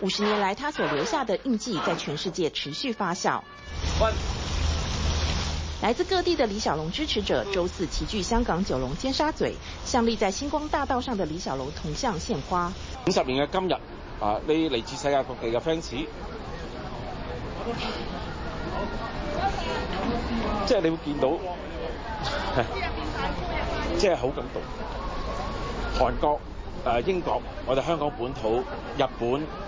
五十年來，他所留下的印記在全世界持續發酵。來自各地的李小龍支持者周四齊聚香港九龍尖沙咀，向立在星光大道上的李小龍銅像獻花。五十年嘅今日啊，呢啲嚟自世界各地嘅 fans，即係你會見到，即係好感動。韓國、誒英國、我哋香港本土、日本。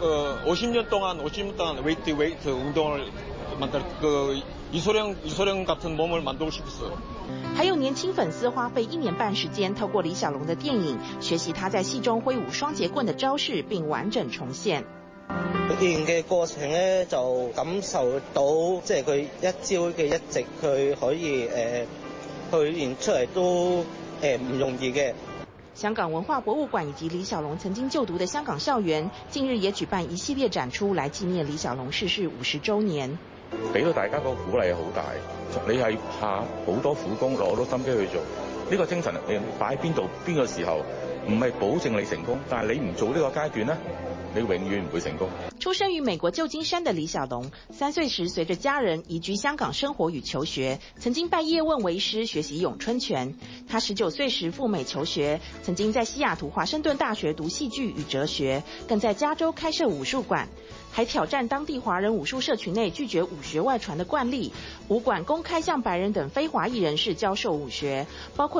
還有年輕粉絲花費一年半時間，透過李小龍的電影學習他在戲中揮舞雙截棍的招式，並完整重現。演的過程呢，就感受到即係佢一朝嘅，一直佢可以誒，去、呃、演出嚟，都誒唔、呃、容易嘅。香港文化博物館以及李小龍曾經就讀的香港校園，近日也舉辦一系列展出來紀念李小龍逝世五十周年。俾到大家個鼓勵好大，你係下好多苦功，攞好多心機去做。呢個精神，你擺邊度邊個時候，唔係保證你成功，但係你唔做呢個階段咧，你永遠唔會成功。出生於美國舊金山的李小龍，三歲時隨着家人移居香港生活與求學，曾經拜葉問為師學習詠春拳。他十九歲時赴美求學，曾經在西雅圖華盛頓大學讀戲劇與哲學，更在加州開設武術館，還挑戰當地華人武術社群內拒絕武學外傳的慣例，武館公開向白人等非華裔人士教授武學，包括。